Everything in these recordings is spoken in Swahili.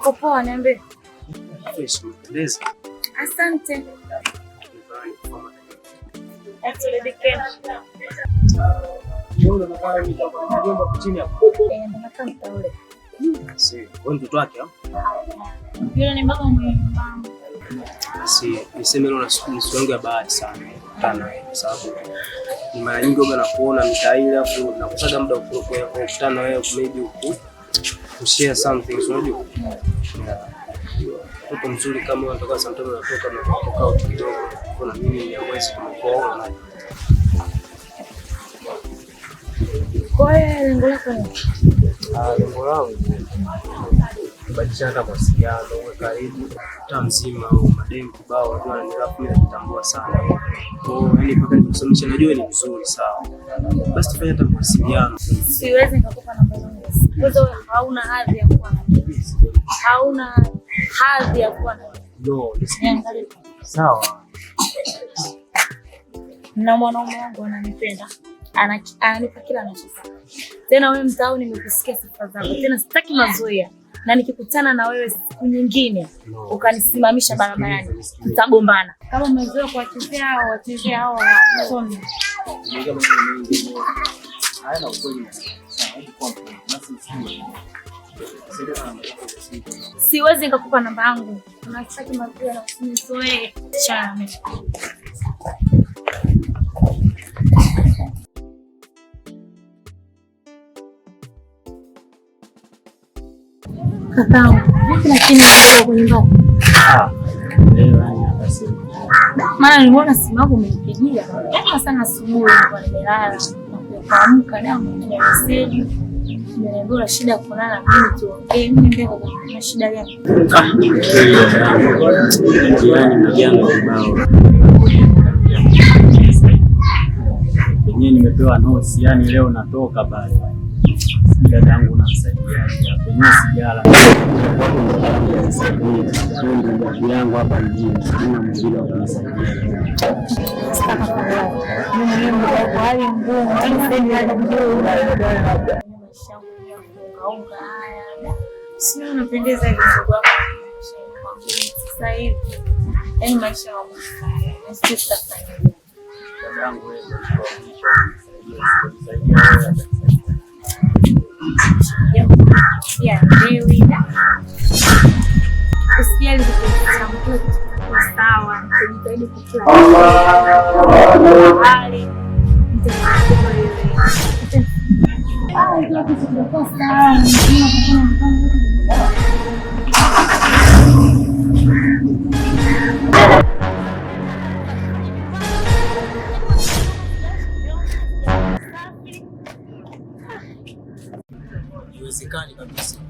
Niko poa, niambie. Asante. Eh, Mtoto eh, wake eh. niseme leo ni siku yangu ya bahati sana kwa sababu ni mara nyingi nakuona mitaani, alafu nakusaga muda kukutana na wewe maybe huku kushare something, unajua mtoto mzuri kama wewe unataka sometimes unatoka na kutoka out kidogo, kuna mimi ni awezi kumkoa kwa hiyo lengo lako ni ah, lengo langu kubadilishana hata mawasiliano, uwe karibu mtaa mzima au mademu kibao, watu wananirafu ya kitambua sana kwa hiyo yani, mpaka nikusomesha najua ni vizuri sawa, basi tufanye hata mawasiliano. Siwezi nikakupa namba wewe hauna hadhi ya kuwa hauna hadhi ya kuwa sawa. Na mwanaume wangu ananipenda, ananipa kila anachotaka. Tena wewe mtaau, nimekusikia sifa zako, tena sitaki mazoea na nikikutana na wewe siku nyingine ukanisimamisha barabarani, tutagombana. Kama umezoea kuwachezea hao wachezea hao wasomi Siwezi nikakupa namba yangu. Maana niliona simu yako umenipigia yaani sana asubuhi, nilikuwa nimelala, nikaamka damu ya jirani bora, shida kunana mimi tuongee, mimi ndio shida gani? Ah, jirani majanga kibao, nimepewa nosi, yani leo natoka pale dadangu namsaidia kwenye sigara ndugu yangu hapa mjini, sina unga haya, si unapendeza sasa hivi, yaani maisha sawa, kujitahidi kukiwa hali Haiwezekani kabisa.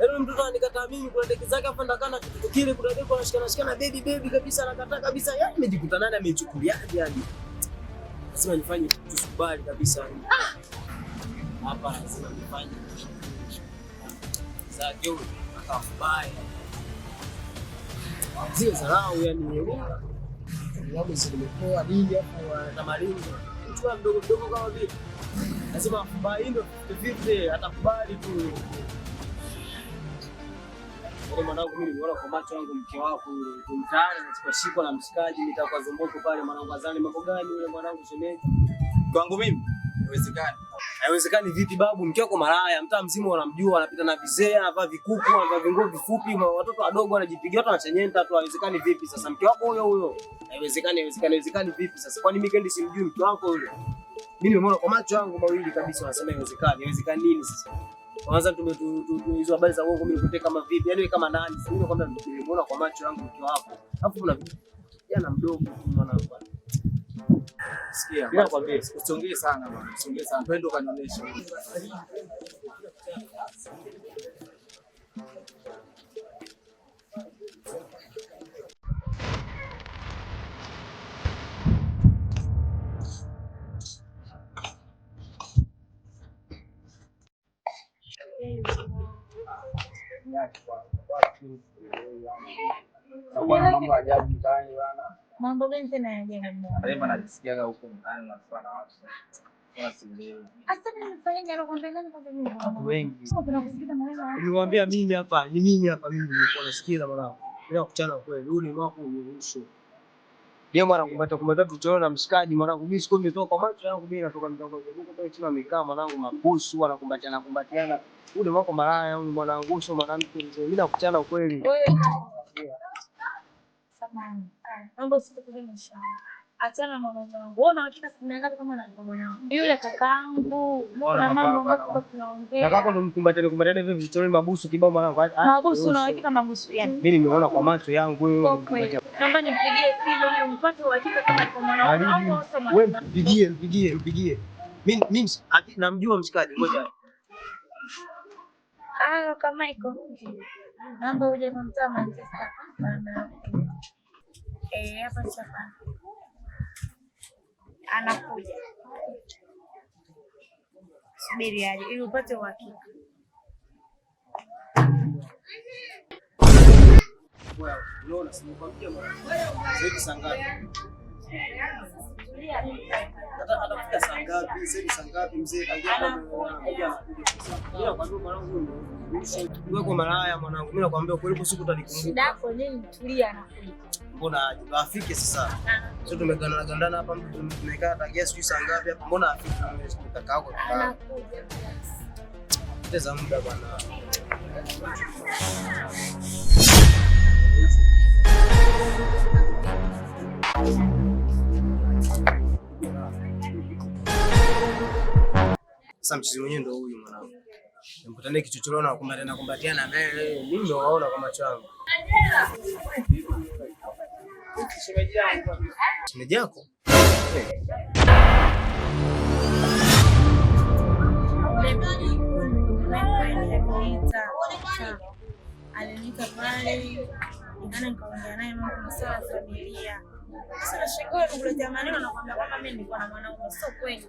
Yaani mtoto anikataa mimi kuna teke zake afa ndakana kitu kile kuna deko anashikana shikana baby baby kabisa anakataa kabisa. Yaani nimejikuta nani amechukulia hadi Lazima nifanye kitu sikubali kabisa. Ah hapa lazima nifanye za geu mpaka mbaya zile yani na malingo mtu mdogo mdogo kama vile lazima mbaya ndio vipi atakubali tu. Yaani mwanangu mimi kwa macho yangu mke wako yule mshikaji nitakuwa pale mwanangu azani mambo gani yule mwanangu shemeji. Kwangu mimi haiwezekani. Haiwezekani vipi babu, mke wako malaya, mtaa mzima wanamjua, anapita na vizee, anavaa vikuku, anavaa vinguo vifupi, watoto wadogo wanajipigia, watu wanachanyenta tu. Haiwezekani vipi sasa mke wako huyo huyo? Haiwezekani, haiwezekani, haiwezekani vipi sasa? Kwani mimi mikendi simjui mke wako huyo? Mimi nimeona kwa macho yangu mawili kabisa, wanasema haiwezekani. Haiwezekani nini sasa? Kwanza hizo habari za uongo mimi nikute kama vipi? Yaani kama nani? Nimeona kwa macho yangu mke wako. Alafu kuna kijana mdogo mwanangu. kusikia. Usiongee sana bwana, usiongee sana. Twende ukanionyeshe. Mambo gani tena yajenge niliwaambia mimi hapa ni mimi hapa mimi nasikiza mwanangu. kuchana kweli. Huyu ni mwako Ndio na mshikaji mwanangu mimi siku nimetoka kwa macho yangu mimi natoka kwa chini amekaa mwanangu mapusu anakumbatiana kumbatiana. Huyu ni malaya huyu mwanangu sio mwanamke mzee. kweli. Samahani. Naomba usitukuze maisha Achana na mwanangu Wewe unahakika kuna ngapi kama na mwanangu? Yule kakaangu. Mbona mambo ambayo tunaongea? Kaka ndo mkumbatane kumbatane hivi vitu mabusu kibao mwanangu. Mabusu unahakika mabusu yani. Mimi nimeona kwa macho yangu wewe. Naomba nipigie simu mpate uhakika kama kwa mwanangu au sio. Wewe mpigie, mpigie, mpigie. Mimi mimi namjua mshikaji. Ngoja. Ah, kama iko. Naomba uje kumtoa Manchester hapa anakuja, subiri aje ili upate uhakika. Atafika saa ngapi? Sasa saa ngapi mzee? Weko malaya mwanangu, mimi nakwambia kuliko siku utanikumbuka. Mbona aje? Afike sasa. Ah. Sio tumegandana gandana hapa mtu tumekaa tagia siku saa ngapi hapa? Mbona afike kaka yako? muda bwana. Sasa mchizi mwenyewe ndio huyu mwanangu. Nimkutane kichochoro na kumbatiana kumbatiana naye. Mimi ndio waona kwa macho yangu. Shemeji yako? Aliniita pale ana nikaongea naye mambo masuala ya familia. Sasa shikoni kule jamani wanakuambia kwamba mimi nilikuwa na mwanangu, sio kweli.